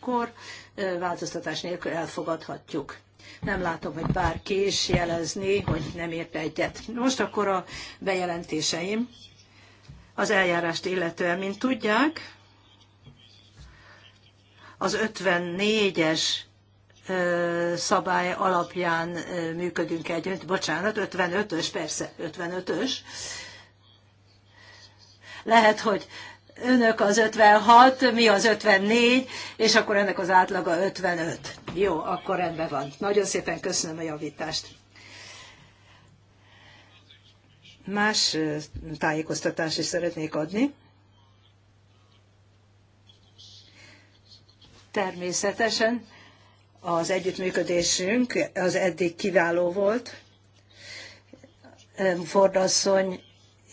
akkor változtatás nélkül elfogadhatjuk. Nem látom, hogy bárki is jelezni, hogy nem ért egyet. Most akkor a bejelentéseim az eljárást illetően, mint tudják, az 54-es szabály alapján működünk együtt, bocsánat, 55-ös, persze, 55-ös. Lehet, hogy önök az 56, mi az 54, és akkor ennek az átlaga 55. Jó, akkor rendben van. Nagyon szépen köszönöm a javítást. Más tájékoztatást is szeretnék adni. Természetesen az együttműködésünk az eddig kiváló volt. Fordasszony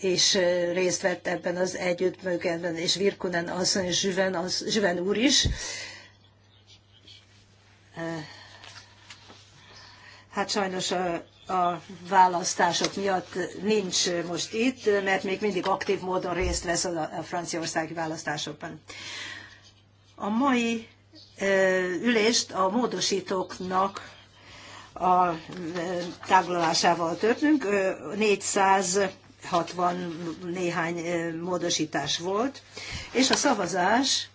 és részt vett ebben az együttműködben, és Virkunen asszony, és Zsüven, az, Zsüven úr is. Hát sajnos a, a választások miatt nincs most itt, mert még mindig aktív módon részt vesz a, a franciaországi választásokban. A mai ülést a módosítóknak a taglalásával törtünk. 400 60 néhány módosítás volt, és a szavazás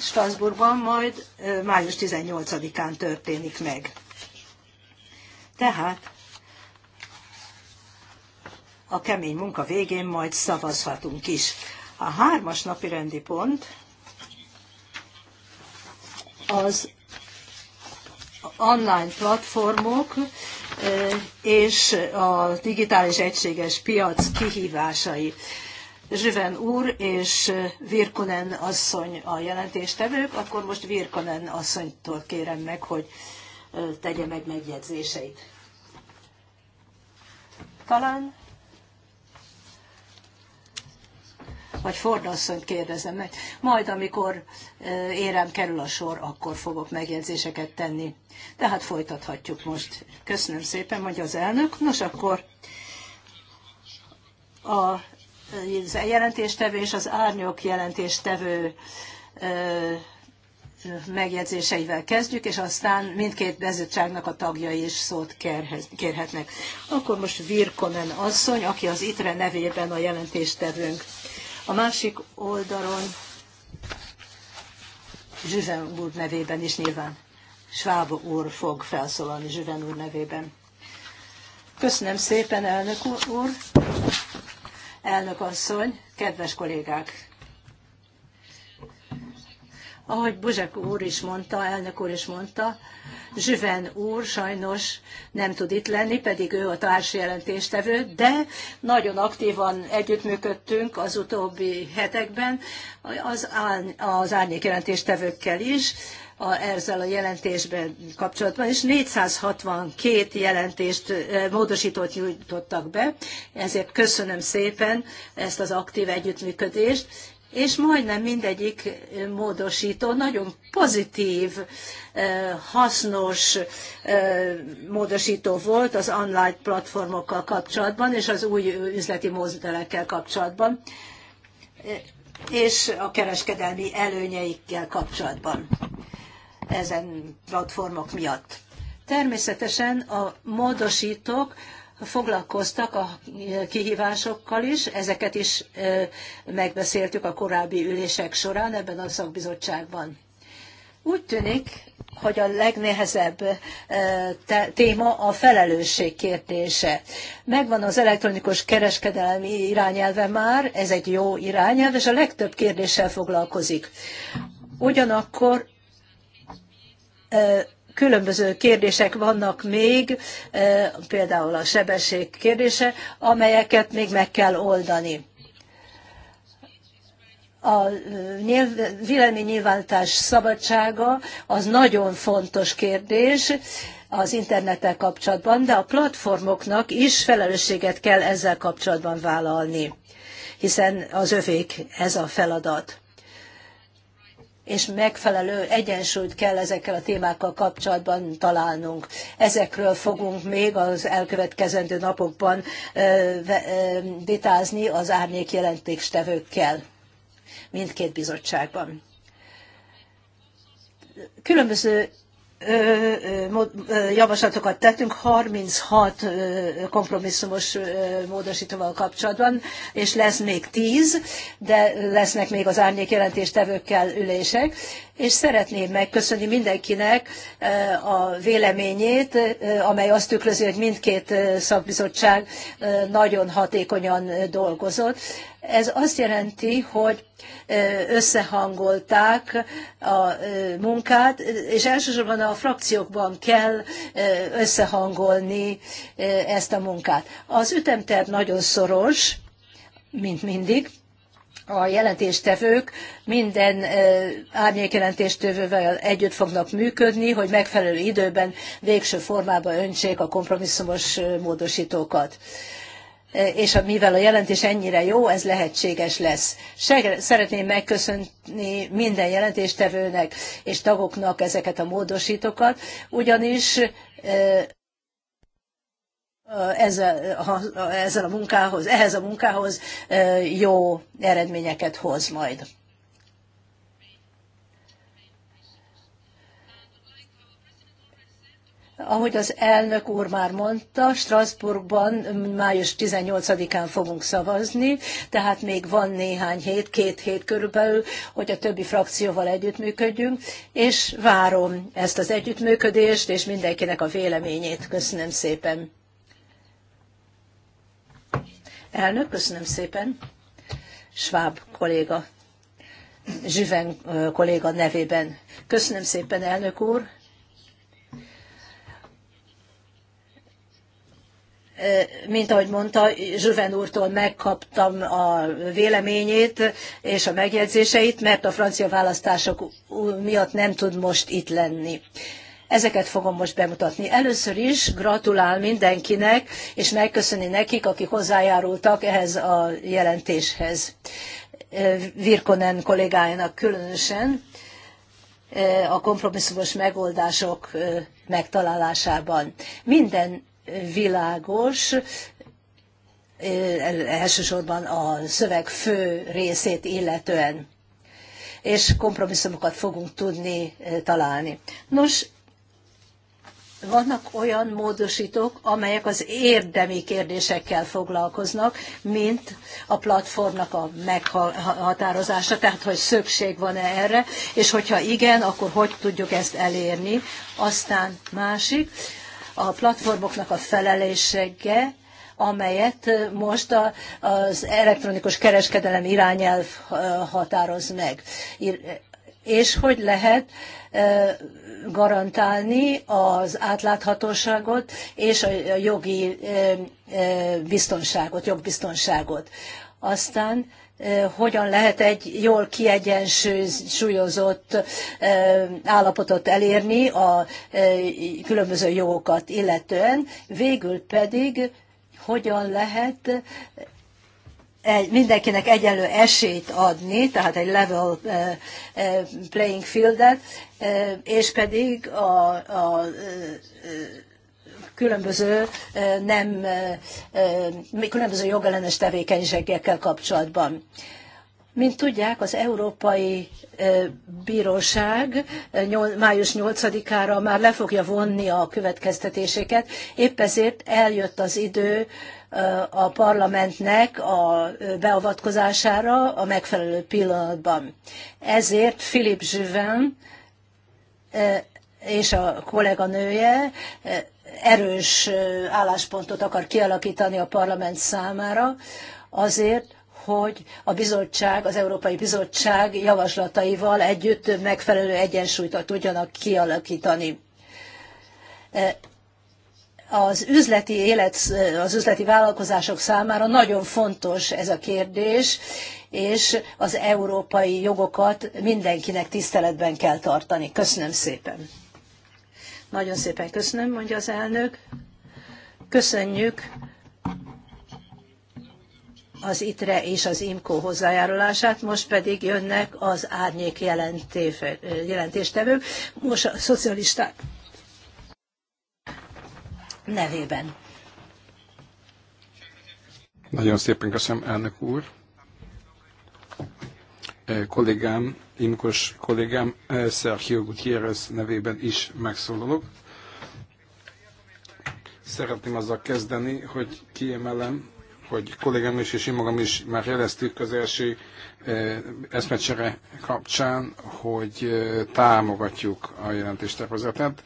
Strasbourgban majd május 18-án történik meg. Tehát a kemény munka végén majd szavazhatunk is. A hármas napi rendi pont az online platformok és a digitális egységes piac kihívásai. Zsüven úr és Virkonen asszony a jelentéstevők, akkor most Virkonen asszonytól kérem meg, hogy tegye meg megjegyzéseit. Talán vagy Fordasszonyt kérdezem meg. Majd, amikor érem kerül a sor, akkor fogok megjegyzéseket tenni. De hát folytathatjuk most. Köszönöm szépen, mondja az elnök. Nos, akkor a jelentéstevő és az árnyok jelentéstevő megjegyzéseivel kezdjük, és aztán mindkét bezőtságnak a tagjai is szót kérhetnek. Akkor most Virkonen asszony, aki az ITRE nevében a jelentéstevőnk. A másik oldalon Zsüven úr nevében is nyilván Schwab úr fog felszólalni Zsüven úr nevében. Köszönöm szépen, elnök úr, elnök asszony, kedves kollégák! Ahogy Buzsek úr is mondta, elnök úr is mondta, Zsüven úr sajnos nem tud itt lenni, pedig ő a társjelentéstevő, de nagyon aktívan együttműködtünk az utóbbi hetekben az, az árnyékjelentéstevőkkel is, a, ezzel a jelentésben kapcsolatban, és 462 jelentést, módosítót nyújtottak be, ezért köszönöm szépen ezt az aktív együttműködést, és majdnem mindegyik módosító nagyon pozitív, hasznos módosító volt az online platformokkal kapcsolatban, és az új üzleti módszerekkel kapcsolatban, és a kereskedelmi előnyeikkel kapcsolatban ezen platformok miatt. Természetesen a módosítók foglalkoztak a kihívásokkal is, ezeket is megbeszéltük a korábbi ülések során ebben a szakbizottságban. Úgy tűnik, hogy a legnehezebb téma a felelősség kérdése. Megvan az elektronikus kereskedelmi irányelve már, ez egy jó irányelv, és a legtöbb kérdéssel foglalkozik. Ugyanakkor különböző kérdések vannak még, eh, például a sebesség kérdése, amelyeket még meg kell oldani. A eh, nyilv, véleménynyilvánítás szabadsága az nagyon fontos kérdés, az internettel kapcsolatban, de a platformoknak is felelősséget kell ezzel kapcsolatban vállalni, hiszen az övék ez a feladat és megfelelő egyensúlyt kell ezekkel a témákkal kapcsolatban találnunk. Ezekről fogunk még az elkövetkezendő napokban vitázni az árnyék jelentéstevőkkel mindkét bizottságban. Különböző javaslatokat tettünk 36 kompromisszumos módosítóval kapcsolatban, és lesz még 10, de lesznek még az árnyék jelentéstevőkkel ülések, és szeretném megköszönni mindenkinek a véleményét, amely azt tükrözi, hogy mindkét szakbizottság nagyon hatékonyan dolgozott, ez azt jelenti, hogy összehangolták a munkát, és elsősorban a frakciókban kell összehangolni ezt a munkát. Az ütemterv nagyon szoros, mint mindig, a jelentéstevők minden árnyékjelentéstevővel együtt fognak működni, hogy megfelelő időben végső formába öntsék a kompromisszumos módosítókat. Eh, és mivel a jelentés ennyire jó, ez lehetséges lesz. Szeretném megköszönni minden jelentéstevőnek és tagoknak ezeket a módosítókat, ugyanis eh, ezzel, ezzel a munkához, ehhez a munkához eh, jó eredményeket hoz majd. Ahogy az elnök úr már mondta, Strasbourgban május 18-án fogunk szavazni, tehát még van néhány hét, két hét körülbelül, hogy a többi frakcióval együttműködjünk, és várom ezt az együttműködést, és mindenkinek a véleményét. Köszönöm szépen. Elnök, köszönöm szépen. Schwab kolléga, Zsüven kolléga nevében. Köszönöm szépen, elnök úr mint ahogy mondta, Zsüven úrtól megkaptam a véleményét és a megjegyzéseit, mert a francia választások miatt nem tud most itt lenni. Ezeket fogom most bemutatni. Először is gratulál mindenkinek, és megköszöni nekik, akik hozzájárultak ehhez a jelentéshez. Virkonen kollégájának különösen a kompromisszumos megoldások megtalálásában. Minden világos, elsősorban a szöveg fő részét illetően, és kompromisszumokat fogunk tudni találni. Nos, vannak olyan módosítók, amelyek az érdemi kérdésekkel foglalkoznak, mint a platformnak a meghatározása, tehát hogy szükség van-e erre, és hogyha igen, akkor hogy tudjuk ezt elérni. Aztán másik, a platformoknak a felelőssége, amelyet most a, az elektronikus kereskedelem irányelv határoz meg. És hogy lehet garantálni az átláthatóságot és a jogi biztonságot, jogbiztonságot. Aztán hogyan lehet egy jól kiegyensúlyozott állapotot elérni a különböző jogokat illetően, végül pedig hogyan lehet mindenkinek egyenlő esélyt adni, tehát egy level playing fieldet, és pedig a, a különböző nem, különböző jogellenes tevékenységekkel kapcsolatban. Mint tudják, az Európai Bíróság május 8-ára már le fogja vonni a következtetéseket, épp ezért eljött az idő a parlamentnek a beavatkozására a megfelelő pillanatban. Ezért Philippe Juvin és a kolléganője erős álláspontot akar kialakítani a parlament számára, azért, hogy a bizottság, az Európai Bizottság javaslataival együtt megfelelő egyensúlyt tudjanak kialakítani. Az üzleti élet, az üzleti vállalkozások számára nagyon fontos ez a kérdés, és az európai jogokat mindenkinek tiszteletben kell tartani. Köszönöm szépen! Nagyon szépen köszönöm, mondja az elnök. Köszönjük az ITRE és az IMKO hozzájárulását, most pedig jönnek az árnyék jelentéstevők, most a szocialisták nevében. Nagyon szépen köszönöm, elnök úr. Eh, kollégám Imkos kollégám eh, Sergio Gutierrez nevében is megszólalok. Szeretném azzal kezdeni, hogy kiemelem, hogy kollégám is és én magam is már jeleztük az első eh, eszmecsere kapcsán, hogy eh, támogatjuk a jelentéstervezetet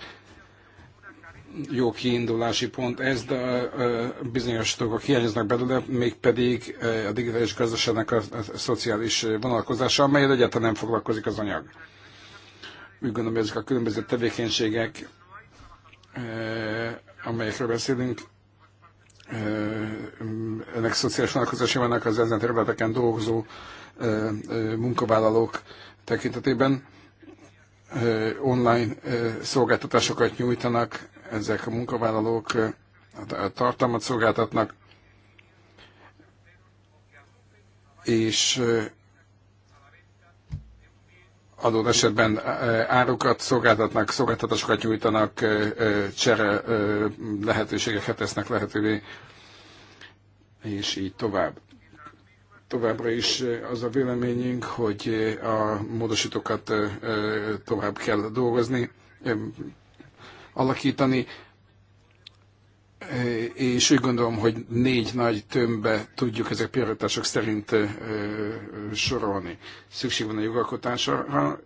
jó kiindulási pont ez, de bizonyos dolgok hiányoznak belőle, mégpedig a digitális gazdaságnak a szociális vonalkozása, amelyet egyáltalán nem foglalkozik az anyag. Úgy gondolom, hogy ezek a különböző tevékenységek, amelyekről beszélünk, ennek szociális vonalkozása vannak az ezen területeken dolgozó munkavállalók tekintetében online szolgáltatásokat nyújtanak ezek a munkavállalók tartalmat szolgáltatnak, és adott esetben árukat szolgáltatnak, szolgáltatásokat nyújtanak, csere lehetőségeket tesznek lehetővé, és így tovább. Továbbra is az a véleményünk, hogy a módosítókat tovább kell dolgozni, alakítani, és úgy gondolom, hogy négy nagy tömbbe tudjuk ezek prioritások szerint sorolni. Szükség van a jogalkotásra,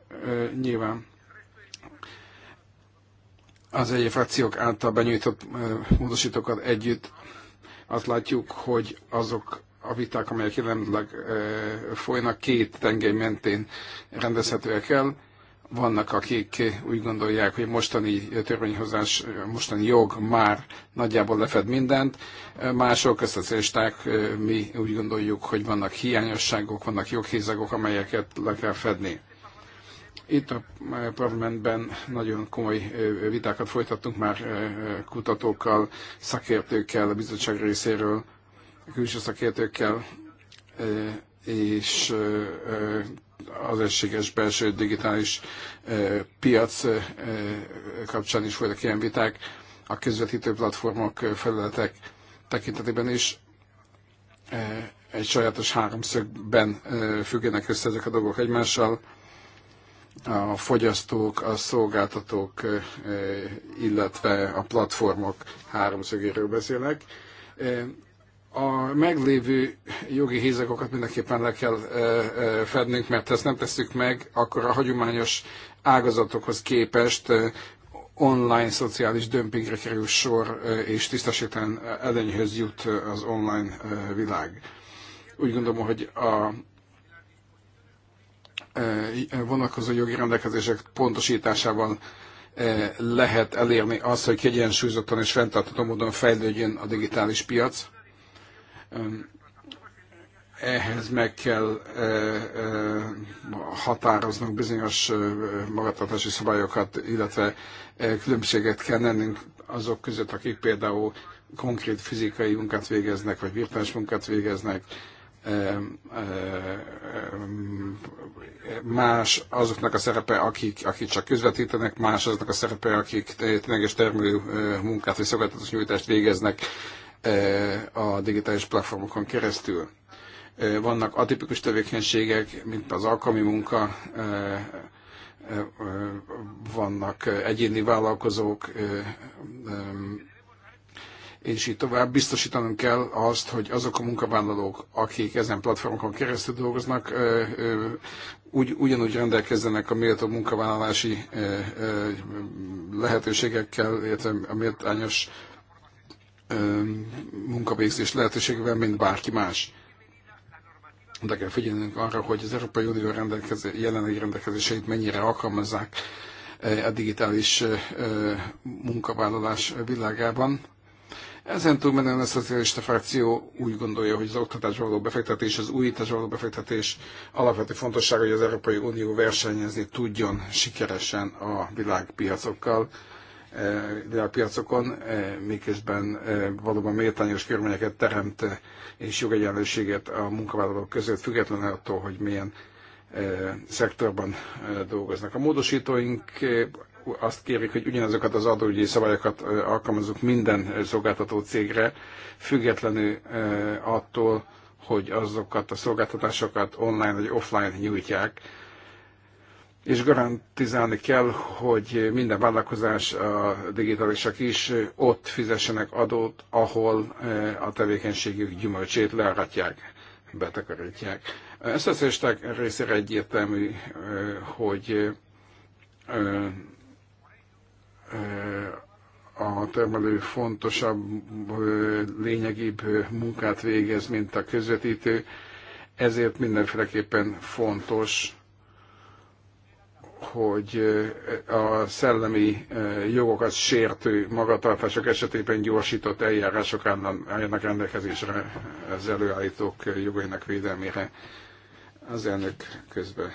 nyilván az egyéb frakciók által benyújtott módosítókat együtt azt látjuk, hogy azok a viták, amelyek jelenleg folynak, két tengely mentén rendezhetőek el. Vannak, akik úgy gondolják, hogy mostani törvényhozás, mostani jog már nagyjából lefed mindent, mások, a szocialisták, mi úgy gondoljuk, hogy vannak hiányosságok, vannak joghézagok, amelyeket le kell fedni. Itt a parlamentben nagyon komoly vitákat folytattunk már eh, kutatókkal, szakértőkkel, a bizottság részéről, külső szakértőkkel, eh, és eh, az egységes belső digitális piac kapcsán is voltak ilyen viták, a közvetítő platformok, felületek tekintetében is egy sajátos háromszögben függenek össze ezek a dolgok egymással. A fogyasztók, a szolgáltatók, illetve a platformok háromszögéről beszélek a meglévő jogi hézagokat mindenképpen le kell fednünk, mert ha ezt nem tesszük meg, akkor a hagyományos ágazatokhoz képest online szociális dömpingre kerül sor, és tisztességtelen előnyhöz jut az online világ. Úgy gondolom, hogy a vonatkozó jogi rendelkezések pontosításával lehet elérni azt, hogy kiegyensúlyozottan és fenntartható módon fejlődjön a digitális piac ehhez meg kell határoznunk bizonyos magatartási szabályokat, illetve különbséget kell lennünk azok között, akik például konkrét fizikai munkát végeznek, vagy virtuális munkát végeznek, más azoknak a szerepe, akik, akik csak közvetítenek, más azoknak a szerepe, akik tényleges termelő munkát vagy szolgáltatás nyújtást végeznek a digitális platformokon keresztül. Vannak atipikus tevékenységek, mint az alkalmi munka, vannak egyéni vállalkozók, és így tovább biztosítanunk kell azt, hogy azok a munkavállalók, akik ezen platformokon keresztül dolgoznak, úgy, ugyanúgy rendelkezzenek a méltó munkavállalási lehetőségekkel, illetve a méltányos munkavégzés lehetőségével, mint bárki más. De kell figyelnünk arra, hogy az Európai Unió rendelkező, jelenlegi rendelkezéseit mennyire alkalmazzák a digitális munkavállalás világában. Ezen menően a szocialista frakció úgy gondolja, hogy az oktatás való befektetés, az újítás való befektetés alapvető fontosság, hogy az Európai Unió versenyezni tudjon sikeresen a világpiacokkal Eh, de a piacokon, eh, miközben eh, valóban méltányos körülményeket teremt és jogegyenlőséget a munkavállalók között, függetlenül attól, hogy milyen szektorban dolgoznak. A módosítóink azt kérik, hogy ugyanazokat az adóügyi szabályokat alkalmazzuk minden szolgáltató cégre, függetlenül attól, hogy azokat a szolgáltatásokat online vagy offline nyújtják és garantizálni kell, hogy minden vállalkozás, a digitálisak is ott fizessenek adót, ahol e, a tevékenységük gyümölcsét learatják, betakarítják. az szocialisták részére egyértelmű, e, hogy e, a termelő fontosabb, lényegibb munkát végez, mint a közvetítő, ezért mindenféleképpen fontos, hogy a szellemi jogokat sértő magatartások esetében gyorsított eljárások állnak rendelkezésre az előállítók jogainak védelmére. Az elnök közbe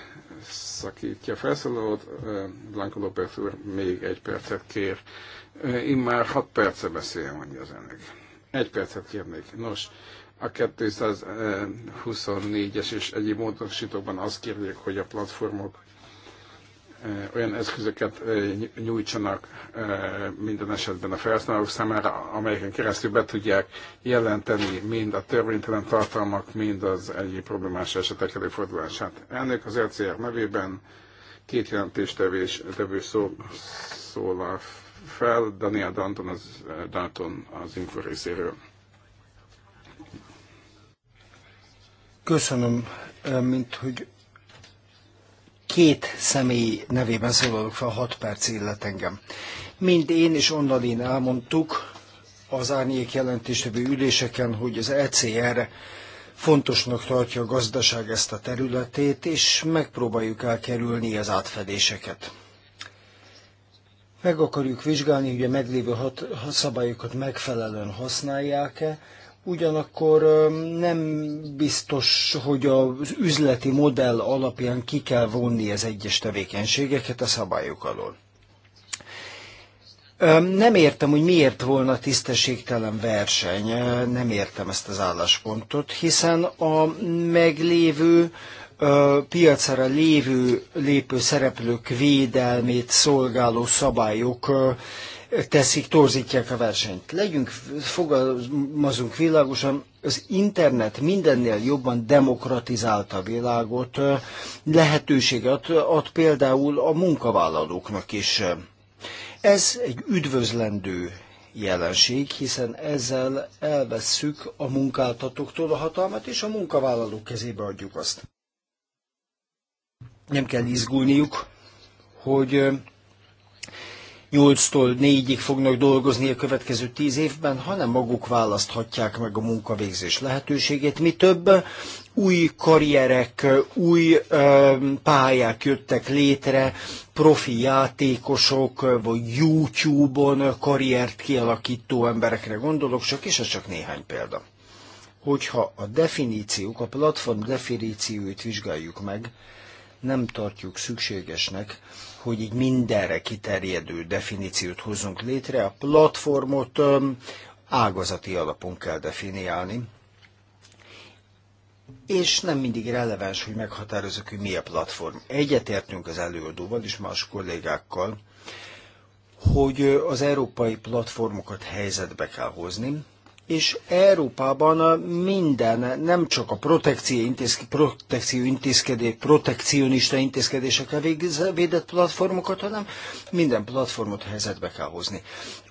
szakítja felszólalót, Blanco López úr még egy percet kér. Én már hat perce beszél, mondja az elnök. Egy percet kérnék. Nos, a 224-es és egyéb módosítókban azt kérjük, hogy a platformok olyan eszközöket nyújtsanak minden esetben a felhasználók számára, amelyeken keresztül be tudják jelenteni mind a törvénytelen tartalmak, mind az egyéb problémás esetek előfordulását. Elnök az LCR nevében két jelentéstevés tevő szó, szólal fel, Daniel Danton az, Danton az info részéről. Köszönöm, mint hogy két személy nevében szólalok fel, hat perc illet engem. Mind én és Ondalin elmondtuk az árnyék jelentéstevő üléseken, hogy az ECR fontosnak tartja a gazdaság ezt a területét, és megpróbáljuk elkerülni az átfedéseket. Meg akarjuk vizsgálni, hogy a meglévő hat, szabályokat megfelelően használják-e, ugyanakkor nem biztos, hogy az üzleti modell alapján ki kell vonni az egyes tevékenységeket a szabályok alól. Nem értem, hogy miért volna tisztességtelen verseny, nem értem ezt az álláspontot, hiszen a meglévő piacra lévő lépő szereplők védelmét szolgáló szabályok teszik, torzítják a versenyt. Legyünk, fogalmazunk világosan, az internet mindennél jobban demokratizálta a világot, lehetőséget ad például a munkavállalóknak is. Ez egy üdvözlendő jelenség, hiszen ezzel elvesszük a munkáltatóktól a hatalmat, és a munkavállalók kezébe adjuk azt. Nem kell izgulniuk, hogy 8-tól 4-ig fognak dolgozni a következő 10 évben, hanem maguk választhatják meg a munkavégzés lehetőségét. Mi több, új karrierek, új pályák jöttek létre, profi játékosok, vagy YouTube-on karriert kialakító emberekre gondolok, csak és ez csak néhány példa. Hogyha a definíciók, a platform definícióit vizsgáljuk meg, nem tartjuk szükségesnek, hogy így mindenre kiterjedő definíciót hozzunk létre, a platformot ágazati alapon kell definiálni, és nem mindig releváns, hogy meghatározzuk, hogy mi a platform. Egyetértünk az előadóval és más kollégákkal, hogy az európai platformokat helyzetbe kell hozni, és Európában minden, nem csak a protekció, intézke, protekció intézkedés, protekcionista intézkedésekkel védett platformokat, hanem minden platformot helyzetbe kell hozni.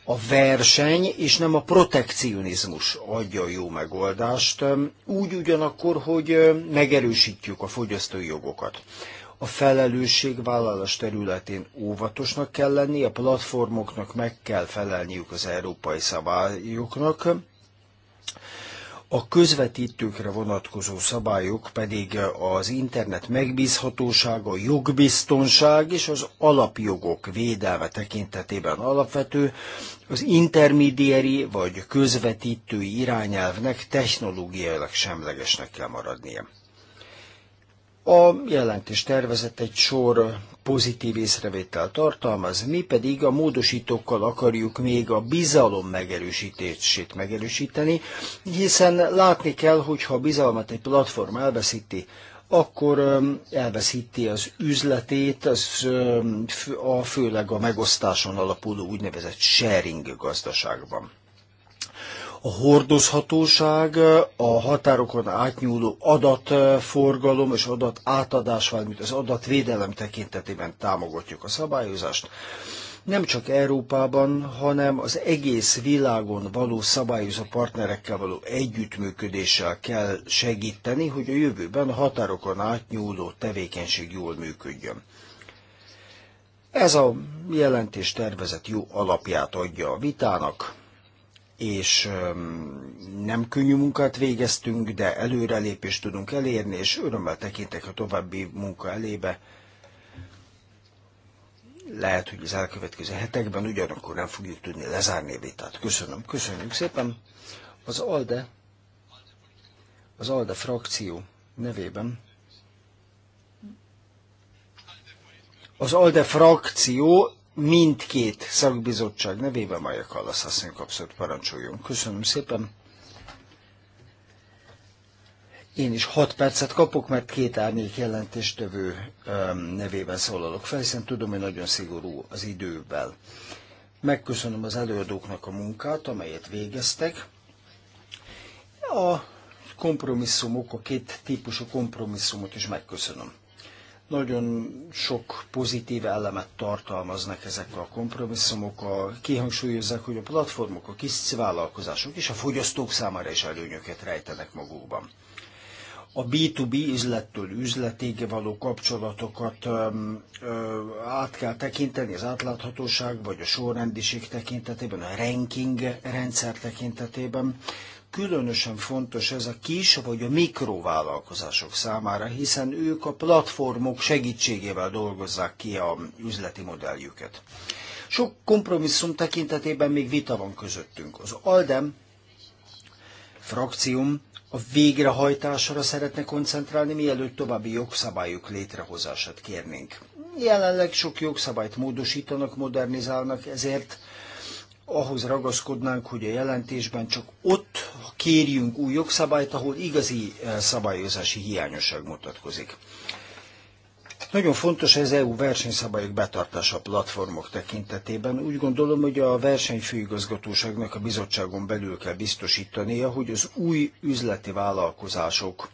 A verseny és nem a protekcionizmus adja a jó megoldást, úgy ugyanakkor, hogy megerősítjük a fogyasztói jogokat. A felelősségvállalás területén óvatosnak kell lenni, a platformoknak meg kell felelniük az európai szabályoknak, a közvetítőkre vonatkozó szabályok pedig az internet megbízhatósága, jogbiztonság és az alapjogok védelme tekintetében alapvető, az intermediári vagy közvetítői irányelvnek technológiailag semlegesnek kell maradnia. A jelentés tervezett egy sor pozitív észrevétel tartalmaz, mi pedig a módosítókkal akarjuk még a bizalom megerősítését megerősíteni, hiszen látni kell, hogy ha a bizalmat egy platform elveszíti, akkor elveszíti az üzletét, az, a, főleg a megosztáson alapuló úgynevezett sharing gazdaságban a hordozhatóság, a határokon átnyúló adatforgalom és adat átadás, valamint az adatvédelem tekintetében támogatjuk a szabályozást. Nem csak Európában, hanem az egész világon való szabályozó partnerekkel való együttműködéssel kell segíteni, hogy a jövőben a határokon átnyúló tevékenység jól működjön. Ez a jelentés tervezet jó alapját adja a vitának, és nem könnyű munkát végeztünk, de előrelépést tudunk elérni, és örömmel tekintek a további munka elébe. Lehet, hogy az elkövetkező hetekben ugyanakkor nem fogjuk tudni lezárni a vitát. Köszönöm, köszönjük szépen. Az ALDE, az ALDE frakció nevében az ALDE frakció mindkét szakbizottság nevében Maja Kallasz asszony kapszott parancsoljon. Köszönöm szépen. Én is hat percet kapok, mert két árnyék jelentéstövő um, nevében szólalok fel, hiszen tudom, hogy nagyon szigorú az idővel. Megköszönöm az előadóknak a munkát, amelyet végeztek. A kompromisszumok, a két típusú kompromisszumot is megköszönöm. Nagyon sok pozitív elemet tartalmaznak ezek a kompromisszumok, a, kihangsúlyozzák, hogy a platformok, a kis vállalkozások és a fogyasztók számára is előnyöket rejtenek magukban. A B2B üzlettől üzletig való kapcsolatokat ö, ö, át kell tekinteni, az átláthatóság vagy a sorrendiség tekintetében, a ranking rendszer tekintetében Különösen fontos ez a kis vagy a mikrovállalkozások számára, hiszen ők a platformok segítségével dolgozzák ki a üzleti modelljüket. Sok kompromisszum tekintetében még vita van közöttünk. Az Aldem frakcióm a végrehajtásra szeretne koncentrálni, mielőtt további jogszabályok létrehozását kérnénk. Jelenleg sok jogszabályt módosítanak, modernizálnak, ezért ahhoz ragaszkodnánk, hogy a jelentésben csak ott kérjünk új jogszabályt, ahol igazi eh, szabályozási hiányosság mutatkozik. Nagyon fontos ez EU versenyszabályok betartása a platformok tekintetében. Úgy gondolom, hogy a versenyfőigazgatóságnak a bizottságon belül kell biztosítania, hogy az új üzleti vállalkozások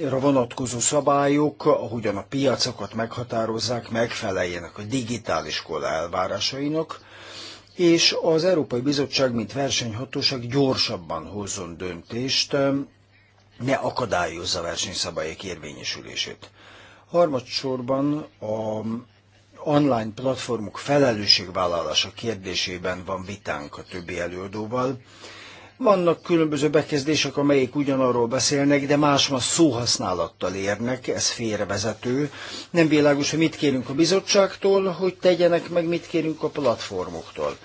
ra vonatkozó szabályok, ahogyan a piacokat meghatározzák, megfeleljenek a digitális kor elvárásainak, és az Európai Bizottság, mint versenyhatóság gyorsabban hozzon döntést, ne akadályozza a versenyszabályok érvényesülését. Harmadsorban a online platformok felelősségvállalása kérdésében van vitánk a többi előadóval. Vannak különböző bekezdések, amelyik ugyanarról beszélnek, de más más szóhasználattal érnek, ez félrevezető. Nem világos, hogy mit kérünk a bizottságtól, hogy tegyenek meg, mit kérünk a platformoktól.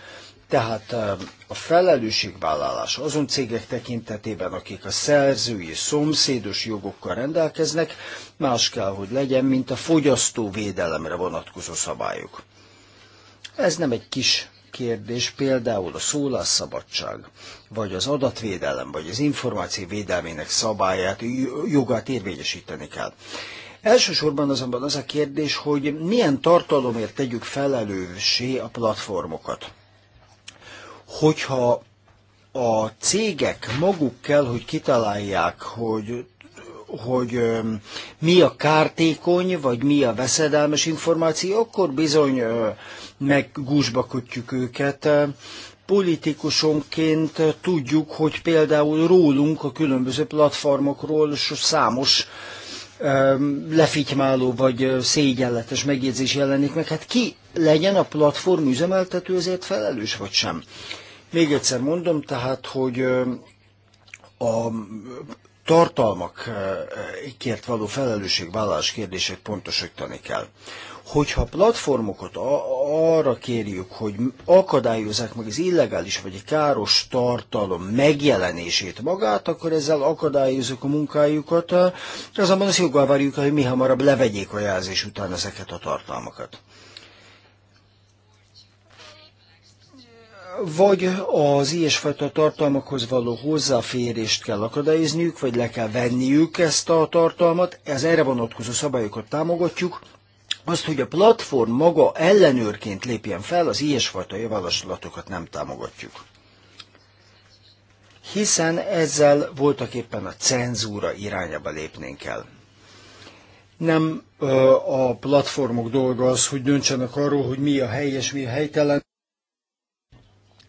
Tehát eh, a felelősségvállalás azon cégek tekintetében, akik a szerzői szomszédos jogokkal rendelkeznek, más kell, hogy legyen, mint a fogyasztó védelemre vonatkozó szabályok. Ez nem egy kis kérdés, például a szólásszabadság, vagy az adatvédelem, vagy az információ védelmének szabályát, jogát érvényesíteni kell. Elsősorban azonban az a kérdés, hogy milyen tartalomért tegyük felelőssé a platformokat. Hogyha a cégek maguk kell, hogy kitalálják, hogy hogy mi a kártékony, vagy mi a veszedelmes információ, akkor bizony meg gúzsba kötjük őket. Politikusonként tudjuk, hogy például rólunk a különböző platformokról számos lefitymáló vagy szégyenletes megjegyzés jelenik meg. Hát ki legyen a platform üzemeltető ezért felelős, vagy sem? Még egyszer mondom, tehát, hogy a tartalmakért való felelősségvállalás kérdések pontosítani kell. Hogyha platformokat arra kérjük, hogy akadályozzák meg az illegális vagy káros tartalom megjelenését magát, akkor ezzel akadályozzuk a munkájukat, azonban azt joggal várjuk, hogy mi hamarabb levegyék a jelzés után ezeket a tartalmakat. vagy az ilyesfajta tartalmakhoz való hozzáférést kell akadályozniuk, vagy le kell venniük ezt a tartalmat, ez erre vonatkozó szabályokat támogatjuk, azt, hogy a platform maga ellenőrként lépjen fel, az ilyesfajta javaslatokat nem támogatjuk. Hiszen ezzel voltak éppen a cenzúra irányába lépnénk el. Nem ö, a platformok dolga az, hogy döntsenek arról, hogy mi a helyes, mi a helytelen,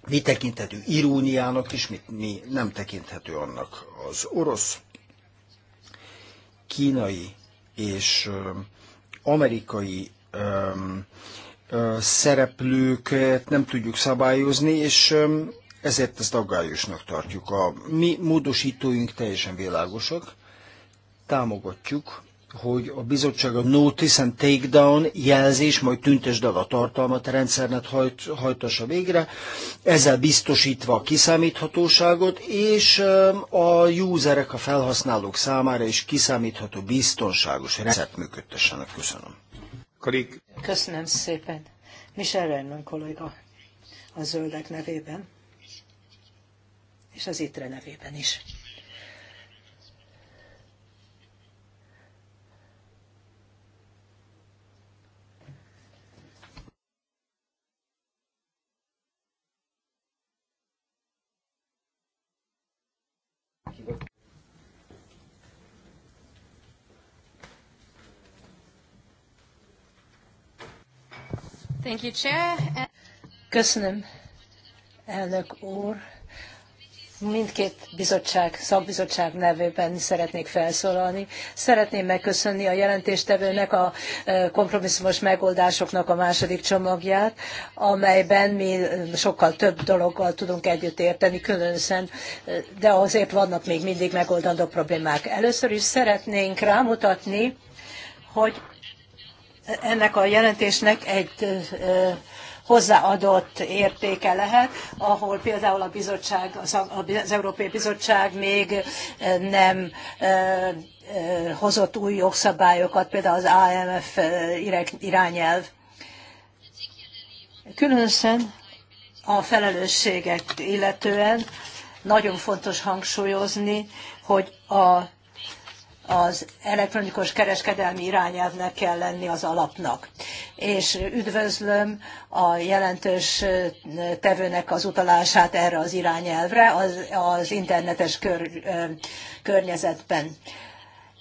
mi tekinthető iróniának, és mit, mi nem tekinthető annak az orosz, kínai és amerikai öm, ö, szereplőket nem tudjuk szabályozni, és öm, ezért ezt aggályosnak tartjuk. A mi módosítóink teljesen világosak, támogatjuk hogy a bizottság a notice and takedown jelzés, majd tüntesd el a tartalmat, a rendszernet hajt, hajtassa végre, ezzel biztosítva a kiszámíthatóságot, és um, a userek, a felhasználók számára is kiszámítható biztonságos rendszert működtessenek. Köszönöm. Karik. Köszönöm szépen. Michel Rennon kolléga a zöldek nevében, és az ITRE nevében is. Thank you, Chair. Köszönöm, elnök úr. Mindkét bizottság, szakbizottság nevében szeretnék felszólalni. Szeretném megköszönni a jelentéstevőnek a e, kompromisszumos megoldásoknak a második csomagját, amelyben mi sokkal több dologgal tudunk együtt érteni, különösen, e, de azért vannak még mindig megoldandó problémák. Először is szeretnénk rámutatni, hogy ennek a jelentésnek egy hozzáadott értéke lehet, ahol például a bizottság, az Európai Bizottság még nem hozott új jogszabályokat, például az AMF irányelv. Különösen a felelősséget illetően nagyon fontos hangsúlyozni, hogy a az elektronikus kereskedelmi irányelvnek kell lenni az alapnak. És üdvözlöm a jelentős tevőnek az utalását erre az irányelvre az, az internetes kör, környezetben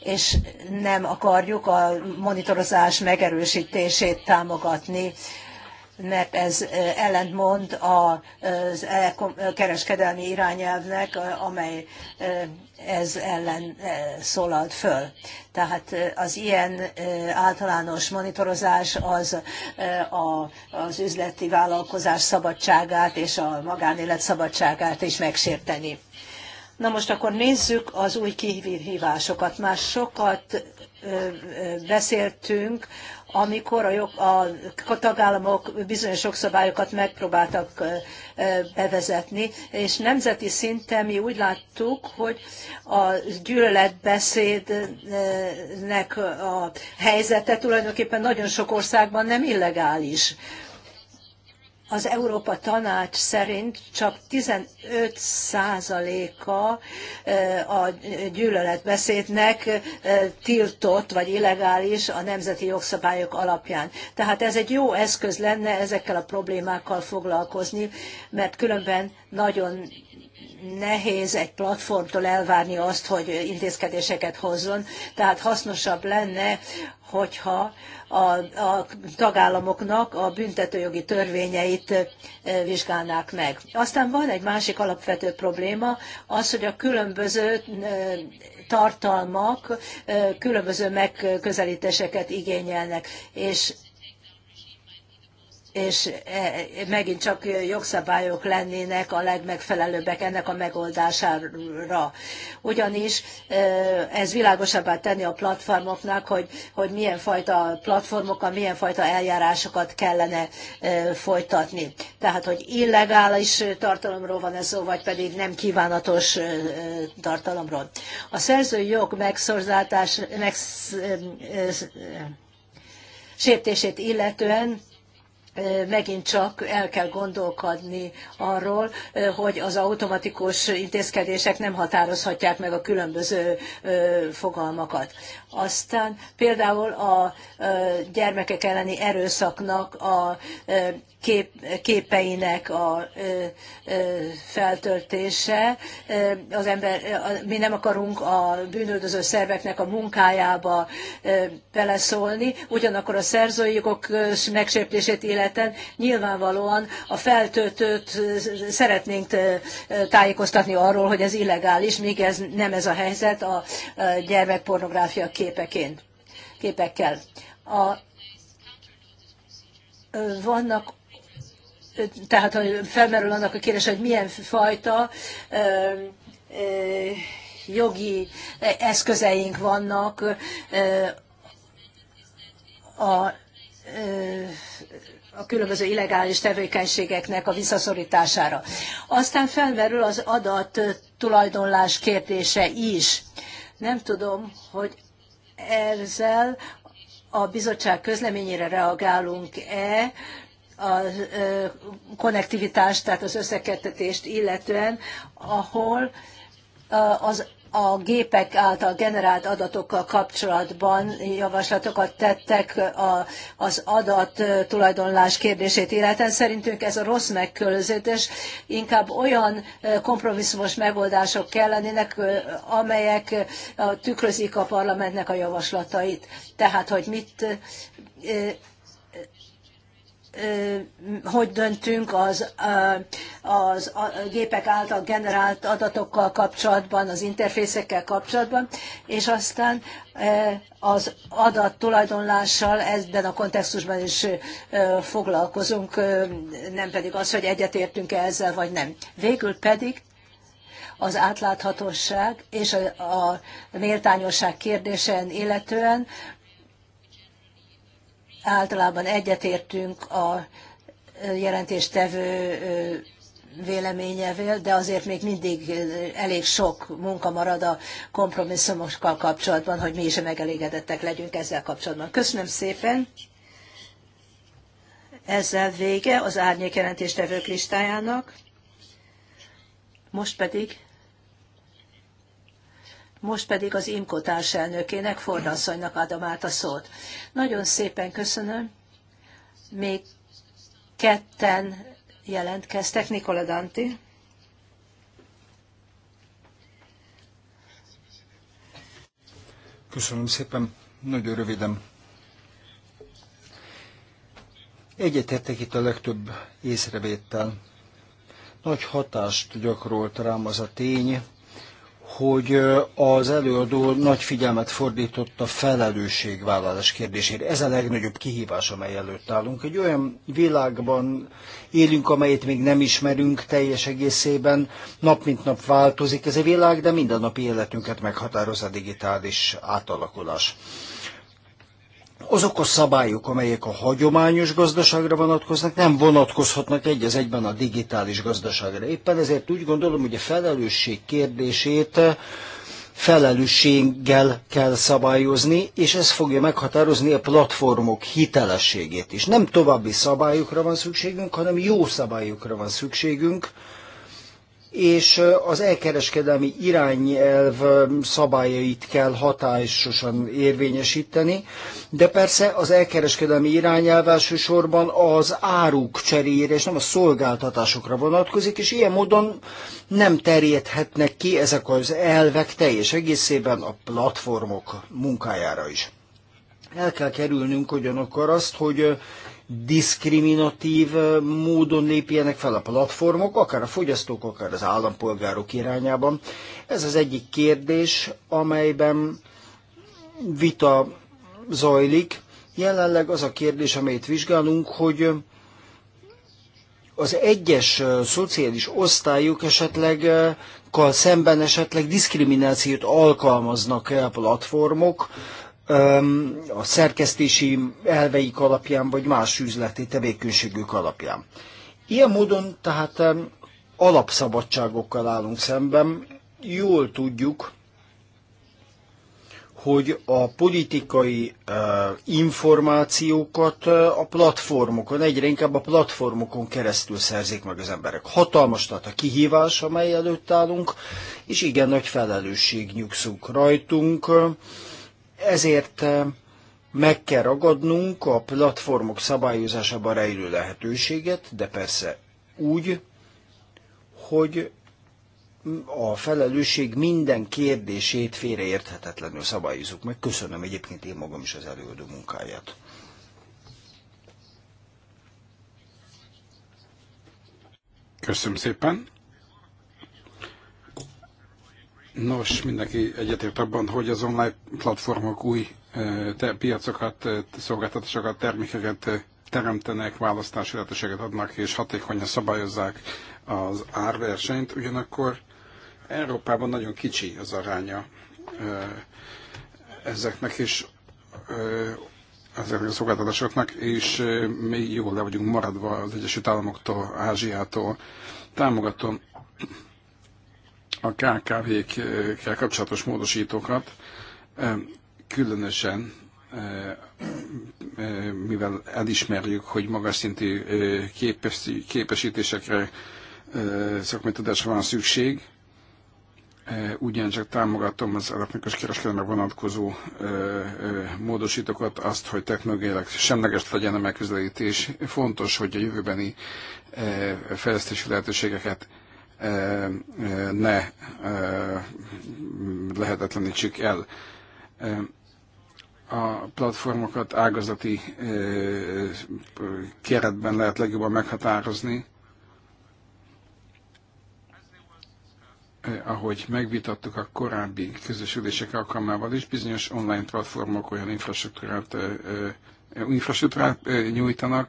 és nem akarjuk a monitorozás megerősítését támogatni mert ez ellentmond az kereskedelmi irányelvnek, amely ez ellen szólalt föl. Tehát az ilyen általános monitorozás az az üzleti vállalkozás szabadságát és a magánélet szabadságát is megsérteni. Na most akkor nézzük az új kihívásokat. Már sokat beszéltünk, amikor a, jog, a tagállamok bizonyos jogszabályokat megpróbáltak bevezetni, és nemzeti szinten mi úgy láttuk, hogy a gyűlöletbeszédnek a helyzete tulajdonképpen nagyon sok országban nem illegális az Európa Tanács szerint csak 15 százaléka eh, a gyűlöletbeszédnek eh, tiltott vagy illegális a nemzeti jogszabályok alapján. Tehát ez egy jó eszköz lenne ezekkel a problémákkal foglalkozni, mert különben nagyon nehéz egy platformtól elvárni azt, hogy intézkedéseket hozzon, tehát hasznosabb lenne, hogyha a, a tagállamoknak a büntetőjogi törvényeit vizsgálnák meg. Aztán van egy másik alapvető probléma, az, hogy a különböző tartalmak különböző megközelítéseket igényelnek, és és e, megint csak jogszabályok lennének a legmegfelelőbbek ennek a megoldására. Ugyanis e, ez világosabbá tenni a platformoknak, hogy, hogy milyen fajta platformokkal, milyen fajta eljárásokat kellene e, folytatni. Tehát, hogy illegális tartalomról van ez szó, vagy pedig nem kívánatos tartalomról. A szerzői jog megszorzátás, megsz, sértését illetően megint csak el kell gondolkodni arról, hogy az automatikus intézkedések nem határozhatják meg a különböző fogalmakat. Aztán például a gyermekek elleni erőszaknak a kép, képeinek a feltöltése. Az ember, mi nem akarunk a bűnöldöző szerveknek a munkájába beleszólni, ugyanakkor a szerzői jogok megsértését területen nyilvánvalóan a feltöltőt szeretnénk tájékoztatni arról, hogy ez illegális, míg ez nem ez a helyzet a gyermekpornográfia képekén, képekkel. A, vannak tehát hogy felmerül annak a kérdés, hogy milyen fajta ö, ö, jogi eszközeink vannak ö, a ö, a különböző illegális tevékenységeknek a visszaszorítására. Aztán felmerül az adat tulajdonlás kérdése is. Nem tudom, hogy ezzel a bizottság közleményére reagálunk-e, a konnektivitást, tehát az összekettetést illetően, ahol az a gépek által generált adatokkal kapcsolatban javaslatokat tettek a, az adat tulajdonlás kérdését illetően. Szerintünk ez a rossz megkülözítés, inkább olyan eh, kompromisszumos megoldások kellenének, eh, amelyek eh, tükrözik a parlamentnek a javaslatait. Tehát, hogy mit hogy döntünk az, az a gépek által generált adatokkal kapcsolatban, az interfészekkel kapcsolatban, és aztán az adat tulajdonlással ebben a kontextusban is foglalkozunk, nem pedig az, hogy egyetértünk-e ezzel, vagy nem. Végül pedig az átláthatóság és a, a méltányosság kérdésen illetően általában egyetértünk a jelentéstevő véleményevel, de azért még mindig elég sok munka marad a kompromisszumokkal kapcsolatban, hogy mi is megelégedettek legyünk ezzel kapcsolatban. Köszönöm szépen! Ezzel vége az árnyék jelentéstevők listájának. Most pedig most pedig az IMKO társelnökének, Fordasszonynak adom át a szót. Nagyon szépen köszönöm. Még ketten jelentkeztek. Nikola Danti. Köszönöm szépen. Nagyon röviden. Egyetértek itt a legtöbb észrevétel. Nagy hatást gyakorolt rám az a tény, hogy az előadó nagy figyelmet fordított a felelősségvállalás kérdésére. Ez a legnagyobb kihívás, amely előtt állunk. Egy olyan világban élünk, amelyet még nem ismerünk teljes egészében, nap mint nap változik ez a világ, de mindennapi életünket meghatározza a digitális átalakulás azok a szabályok, amelyek a hagyományos gazdaságra vonatkoznak, nem vonatkozhatnak egy az egyben a digitális gazdaságra. Éppen ezért úgy gondolom, hogy a felelősség kérdését eh, felelősséggel kell szabályozni, és ez fogja meghatározni a platformok hitelességét is. Nem további szabályokra van szükségünk, hanem jó szabályokra van szükségünk, és az elkereskedelmi irányelv szabályait kell hatásosan érvényesíteni, de persze az elkereskedelmi irányelv elsősorban az áruk cseréjére és nem a szolgáltatásokra vonatkozik, és ilyen módon nem terjedhetnek ki ezek az elvek teljes egészében a platformok munkájára is. El kell kerülnünk ugyanakkor azt, hogy diszkriminatív módon lépjenek fel a platformok, akár a fogyasztók, akár az állampolgárok irányában. Ez az egyik kérdés, amelyben vita zajlik. Jelenleg az a kérdés, amelyet vizsgálunk, hogy az egyes szociális osztályok esetleg szemben esetleg diszkriminációt alkalmaznak a platformok, a szerkesztési elveik alapján, vagy más üzleti tevékenységük alapján. Ilyen módon tehát alapszabadságokkal állunk szemben. Jól tudjuk, hogy a politikai uh, információkat a platformokon, egyre inkább a platformokon keresztül szerzik meg az emberek. Hatalmas tehát a kihívás, amely előtt állunk, és igen nagy felelősség nyugszunk rajtunk. Uh, ezért eh, meg kell ragadnunk a platformok szabályozásában rejlő lehetőséget, de persze úgy, hogy a felelősség minden kérdését félreérthetetlenül szabályozunk meg. Köszönöm egyébként én magam is az előadó munkáját. Köszönöm szépen. Nos, mindenki egyetért abban, hogy az online platformok új e, te, piacokat, e, szolgáltatásokat, termékeket e, teremtenek, választási lehetőséget adnak és hatékonyan szabályozzák az árversenyt. Ugyanakkor Európában nagyon kicsi az aránya ezeknek és ezeknek a szolgáltatásoknak, és mi jól le vagyunk maradva az Egyesült Államoktól, Ázsiától. Támogatom a KKV-kkel kapcsolatos módosítókat, különösen mivel elismerjük, hogy magas szintű képesítésekre, szakmai tudásra van szükség, ugyancsak támogatom az elektronikus kereskedelemre vonatkozó módosítókat, azt, hogy technológiailag semleges legyen a megközelítés. Fontos, hogy a jövőbeni fejlesztési lehetőségeket ne lehetetlenítsük el. A platformokat ágazati keretben lehet legjobban meghatározni, ahogy megvitattuk a korábbi közösülések alkalmával is, bizonyos online platformok olyan infrastruktúrát, infrastruktúrát nyújtanak,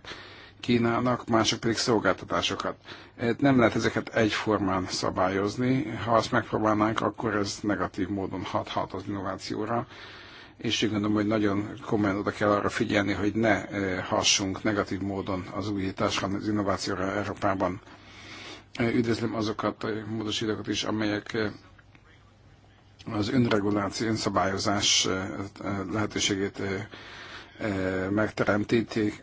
kínálnak, mások pedig szolgáltatásokat. Eh, nem lehet ezeket egyformán szabályozni. Ha azt megpróbálnánk, akkor ez negatív módon hathat az innovációra, és úgy gondolom, hogy nagyon komolyan oda kell arra figyelni, hogy ne eh, hassunk negatív módon az újításra, az innovációra Európában. Eh, üdvözlöm azokat a módosítókat is, amelyek az önreguláció, önszabályozás lehetőségét megteremtítik,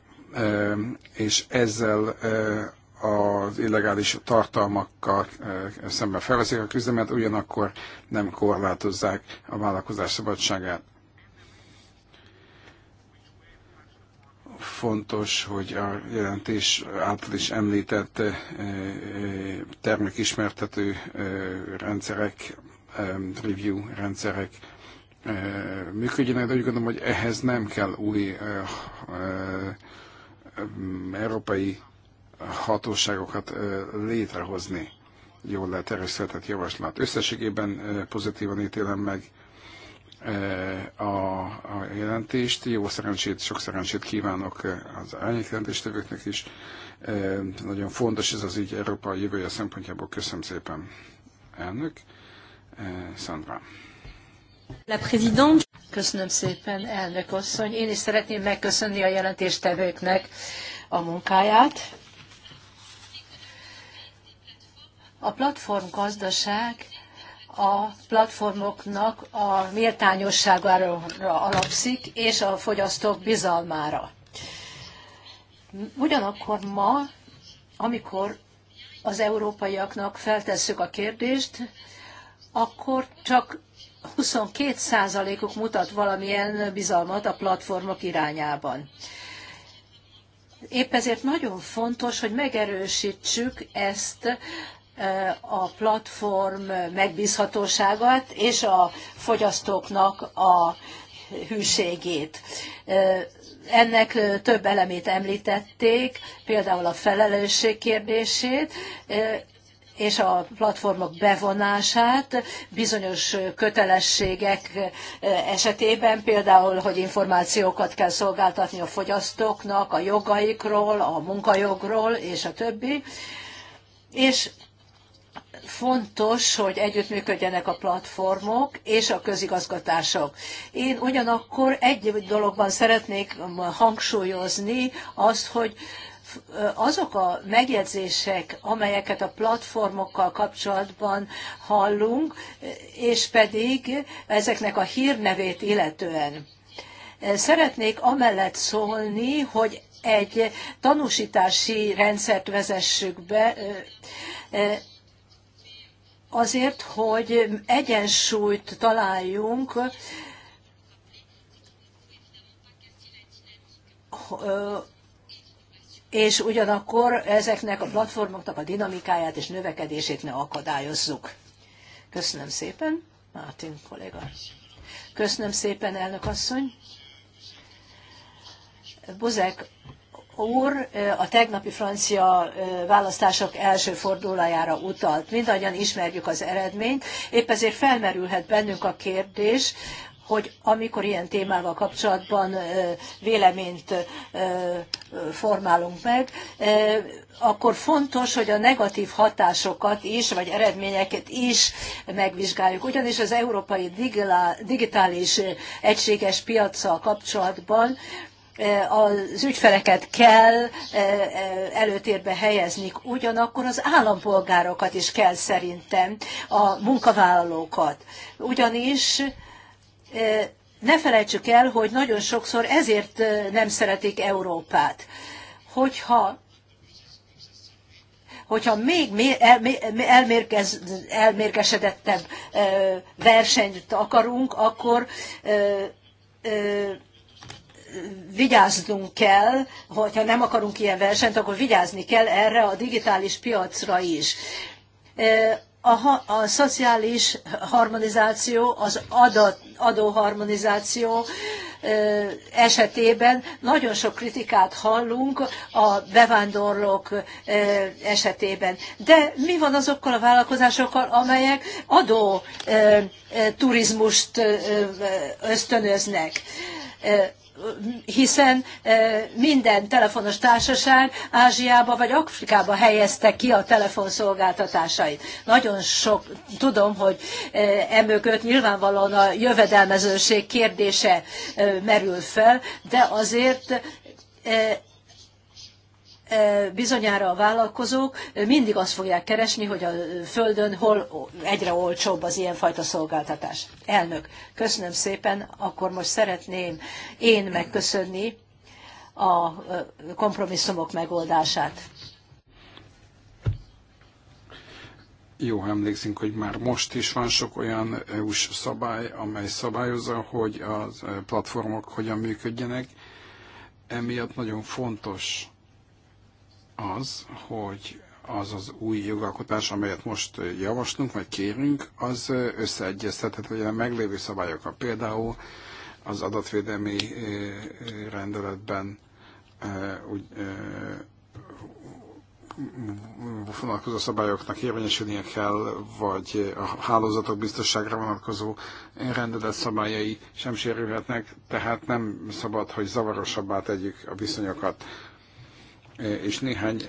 és ezzel az illegális tartalmakkal szemben felveszik a küzdelmet, ugyanakkor nem korlátozzák a vállalkozás szabadságát. Fontos, hogy a jelentés által is említett termékismertető rendszerek, review rendszerek működjenek, de úgy gondolom, hogy ehhez nem kell új európai hatóságokat létrehozni. Jól lehet, erre született javaslat. Összességében pozitívan ítélem meg a, a jelentést. Jó szerencsét, sok szerencsét kívánok az árnyék jelentéstevőknek is. Nagyon fontos ez az ügy Európa jövője szempontjából. Köszönöm szépen, elnök. Szandra. Köszönöm szépen, elnök asszony. Én is szeretném megköszönni a jelentéstevőknek a munkáját. A platform gazdaság, a platformoknak a méltányosságára alapszik, és a fogyasztók bizalmára. Ugyanakkor ma, amikor az európaiaknak feltesszük a kérdést, akkor csak 22%-uk mutat valamilyen bizalmat a platformok irányában. Épp ezért nagyon fontos, hogy megerősítsük ezt e, a platform megbízhatóságát és a fogyasztóknak a hűségét. E, ennek több elemét említették, például a felelősség kérdését, e, és a platformok bevonását bizonyos kötelességek eh, esetében, például, hogy információkat kell szolgáltatni a fogyasztóknak, a jogaikról, a munkajogról és a többi. És fontos, hogy együttműködjenek a platformok és a közigazgatások. Én ugyanakkor egy dologban szeretnék hangsúlyozni azt, hogy azok a megjegyzések, amelyeket a platformokkal kapcsolatban hallunk, és pedig ezeknek a hírnevét illetően. Szeretnék amellett szólni, hogy egy tanúsítási rendszert vezessük be, azért, hogy egyensúlyt találjunk, és ugyanakkor ezeknek a platformoknak a dinamikáját és növekedését ne akadályozzuk. Köszönöm szépen, Mártin kolléga. Köszönöm szépen, elnök asszony. Buzek úr a tegnapi francia választások első fordulójára utalt. Mindannyian ismerjük az eredményt, épp ezért felmerülhet bennünk a kérdés, hogy amikor ilyen témával kapcsolatban véleményt formálunk meg, akkor fontos, hogy a negatív hatásokat is, vagy eredményeket is megvizsgáljuk. Ugyanis az európai digitális egységes piacsal kapcsolatban az ügyfeleket kell előtérbe helyezni, ugyanakkor az állampolgárokat is kell szerintem, a munkavállalókat. Ugyanis ne felejtsük el, hogy nagyon sokszor ezért nem szeretik Európát. Hogyha hogyha még elmérkez, elmérkesedettebb versenyt akarunk, akkor vigyáznunk kell, hogyha nem akarunk ilyen versenyt, akkor vigyázni kell erre a digitális piacra is a, a szociális harmonizáció, az adat, adóharmonizáció esetében nagyon sok kritikát hallunk a bevándorlók esetében. De mi van azokkal a vállalkozásokkal, amelyek adó turizmust ösztönöznek? hiszen minden telefonos társaság Ázsiába vagy Afrikába helyezte ki a telefonszolgáltatásait. Nagyon sok, tudom, hogy emögött nyilvánvalóan a jövedelmezőség kérdése merül fel, de azért bizonyára a vállalkozók mindig azt fogják keresni, hogy a Földön hol egyre olcsóbb az ilyenfajta szolgáltatás. Elnök, köszönöm szépen, akkor most szeretném én megköszönni a kompromisszumok megoldását. Jó, ha emlékszünk, hogy már most is van sok olyan EU-s szabály, amely szabályozza, hogy a platformok hogyan működjenek. Emiatt nagyon fontos, az, hogy az az új jogalkotás, amelyet most javaslunk, vagy kérünk, az összeegyeztethető legyen a meglévő szabályokkal. Például az adatvédelmi eh, eh, rendeletben eh, úgy, vonatkozó szabályoknak érvényesülnie kell, vagy a hálózatok biztonságra vonatkozó rendelet szabályai sem sérülhetnek, tehát nem szabad, hogy zavarosabbá tegyük a viszonyokat és néhány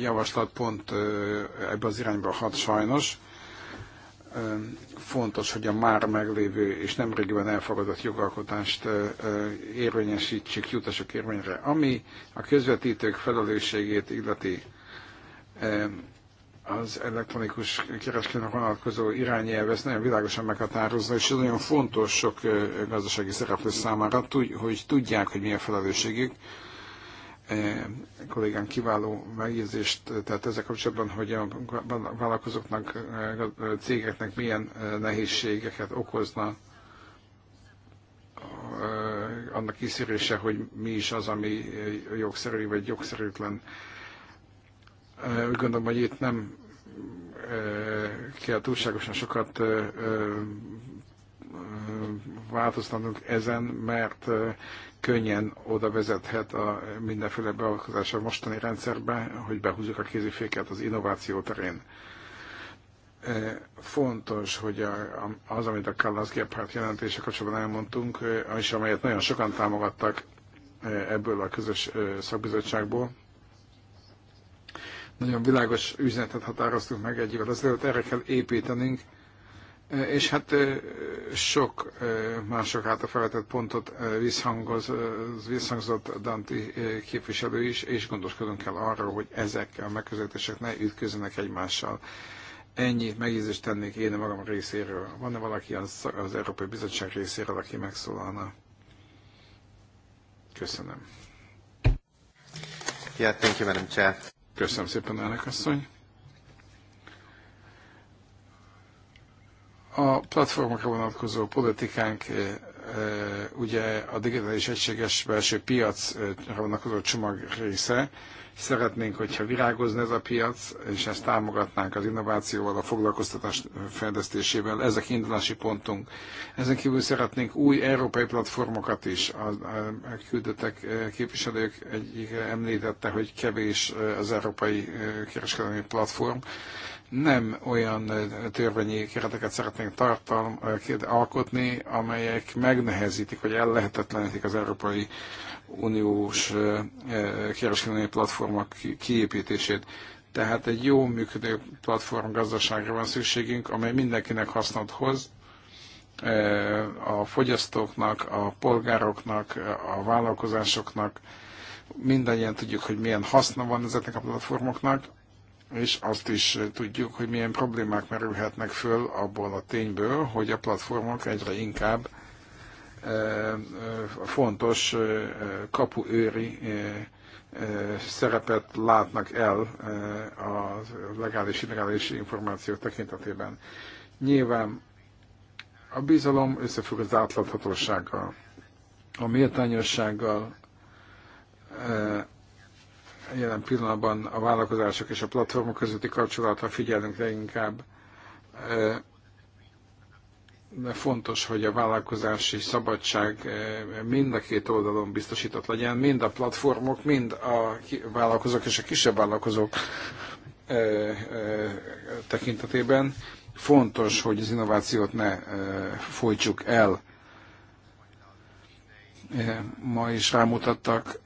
javaslat pont ebbe az irányba hat sajnos. Fontos, hogy a már meglévő és nemrégiben elfogadott jogalkotást érvényesítsük, jutassuk érvényre. Ami a közvetítők felelősségét illeti az elektronikus kereskedelmi vonatkozó irányelv ezt nagyon világosan meghatározza, és ez nagyon fontos sok gazdasági szereplő számára, hogy tudják, hogy mi a felelősségük E, kollégán kiváló megjegyzést e, tehát ezzel kapcsolatban, hogy a vállalkozóknak, a e, cégeknek milyen nehézségeket okozna annak kiszűrése, hogy mi is az, ami jogszerű vagy jogszerűtlen. Úgy gondolom, hogy itt nem kell túlságosan sokat változtatnunk ezen, mert könnyen oda vezethet a mindenféle beavatkozás a mostani rendszerbe, hogy behúzzuk a kéziféket az innováció terén. Fontos, hogy az, amit a Kallas Gephardt jelentése kapcsolatban elmondtunk, és amelyet nagyon sokan támogattak ebből a közös szakbizottságból, nagyon világos üzenetet határoztunk meg egy évvel ezelőtt, erre kell építenünk, Eh, és hát eh, sok eh, mások által felvetett pontot visszhangzott Danti képviselő is, és gondoskodunk kell arról, hogy ezek a megközelítések ne ütközzenek egymással. Ennyi megjegyzést tennék én a magam részéről. Van-e valaki az, az Európai Bizottság részéről, aki megszólalna? Köszönöm. Yeah, thank you, Madam Chair. Köszönöm szépen, elnök asszony. A platformokra vonatkozó politikánk e, e, ugye a digitális egységes belső piacra vonatkozó csomag része. Szeretnénk, hogyha virágozna ez a piac, és ezt támogatnánk az innovációval, a foglalkoztatás fejlesztésével, Ezek indulási pontunk. Ezen kívül szeretnénk új európai platformokat is. a küldöttek e, képviselők egyik említette, hogy kevés az európai kereskedelmi platform nem olyan törvényi kereteket szeretnénk tartalm, alkotni, amelyek megnehezítik, vagy ellehetetlenítik az Európai Uniós kereskedelmi platformok kiépítését. Tehát egy jó működő platform gazdaságra van szükségünk, amely mindenkinek hasznot hoz, a fogyasztóknak, a polgároknak, a vállalkozásoknak, mindannyian tudjuk, hogy milyen haszna van ezeknek a platformoknak, és azt is tudjuk, hogy milyen problémák merülhetnek föl abból a tényből, hogy a platformok egyre inkább fontos kapuőri szerepet látnak el a legális, illegális információ tekintetében. Nyilván a bizalom összefügg az átláthatósággal, a méltányossággal, jelen pillanatban a vállalkozások és a platformok közötti kapcsolatra figyelünk leginkább, de fontos, hogy a vállalkozási szabadság mind a két oldalon biztosított legyen, mind a platformok, mind a vállalkozók és a kisebb vállalkozók tekintetében. Fontos, hogy az innovációt ne folytsuk el. Ma is rámutattak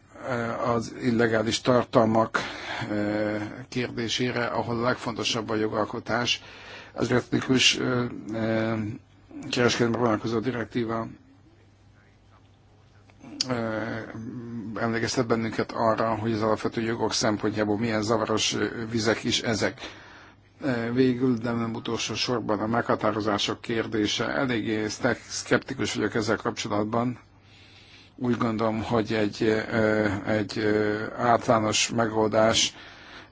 az illegális tartalmak eh, kérdésére, ahol a legfontosabb a jogalkotás, az elektronikus eh, eh, kereskedelmi vonatkozó direktíva emlékeztet bennünket arra, hogy az alapvető jogok szempontjából milyen zavaros vizek is ezek. Végül, de nem utolsó sorban a meghatározások kérdése. Eléggé szkeptikus vagyok ezzel kapcsolatban úgy gondolom, hogy egy, egy általános megoldás,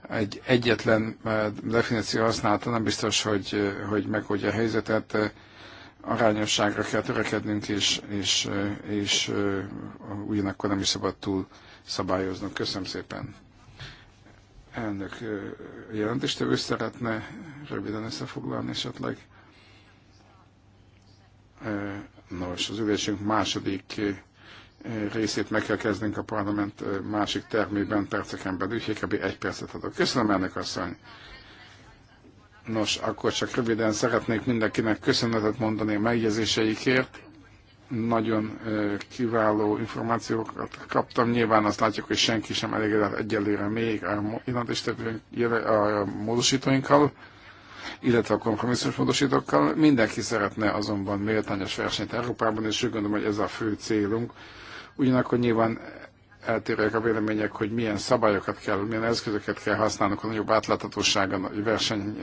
egy egyetlen definíció használata nem biztos, hogy, hogy megoldja a helyzetet. Arányosságra kell törekednünk, és, és, és ugyanakkor nem is szabad túl szabályoznunk. Köszönöm szépen. Elnök jelentéstevő szeretne röviden összefoglalni esetleg. Nos, az ülésünk második részét meg kell kezdenünk a parlament másik termében perceken belül, úgyhogy kb. egy percet adok. Köszönöm, elnök asszony! Nos, akkor csak röviden szeretnék mindenkinek köszönetet mondani a megjegyzéseikért. Nagyon kiváló információkat kaptam. Nyilván azt látjuk, hogy senki sem elégedett egyelőre még a jelentéstevőnk, a módosítóinkkal, illetve a kompromisszumos módosítókkal. Mindenki szeretne azonban méltányos versenyt Európában, és úgy gondolom, hogy ez a fő célunk Ugyanakkor nyilván eltérőek a vélemények, hogy milyen szabályokat kell, milyen eszközöket kell használnunk a nagyobb átláthatóság, a verseny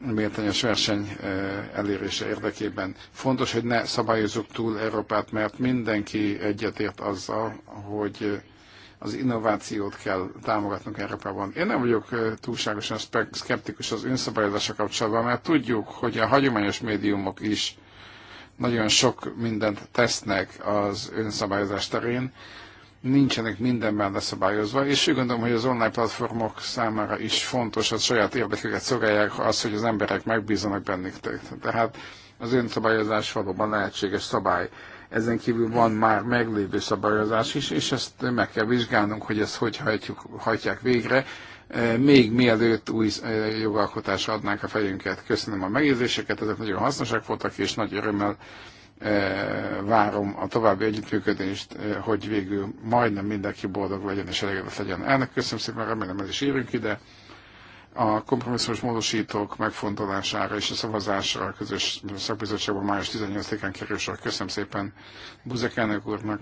méltányos verseny elérése érdekében. Fontos, hogy ne szabályozzuk túl Európát, mert mindenki egyetért azzal, hogy az innovációt kell támogatnunk Európában. Én nem vagyok túlságosan szkeptikus az önszabályozása kapcsolatban, mert tudjuk, hogy a hagyományos médiumok is nagyon sok mindent tesznek az önszabályozás terén, nincsenek mindenben leszabályozva, és úgy gondolom, hogy az online platformok számára is fontos, hogy saját érdekeket szolgálják az, hogy az emberek megbízanak bennük. Tehát az önszabályozás valóban lehetséges szabály. Ezen kívül van már meglévő szabályozás is, és ezt meg kell vizsgálnunk, hogy ezt hogy hajtjuk, hajtják végre, E, még mielőtt új e, jogalkotásra adnánk a fejünket. Köszönöm a megjegyzéseket, ezek nagyon hasznosak voltak, és nagy örömmel e, várom a további együttműködést, hogy végül majdnem mindenki boldog legyen és elégedett legyen. ennek köszönöm szépen, remélem ez is érünk ide. A kompromisszumos módosítók megfontolására és a szavazásra a közös szakbizottságban május 18-án kerül sor. Köszönöm szépen Buzek elnök úrnak.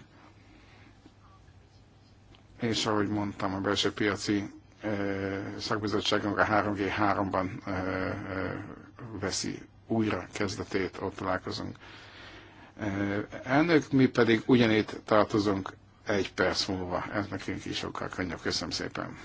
És ahogy mondtam, a belső piaci szakbizottságunk a 3G3-ban veszi újra kezdetét, ott találkozunk. Elnök, mi pedig ugyanitt tartozunk egy perc múlva. Ez nekünk is sokkal könnyebb. Köszönöm szépen.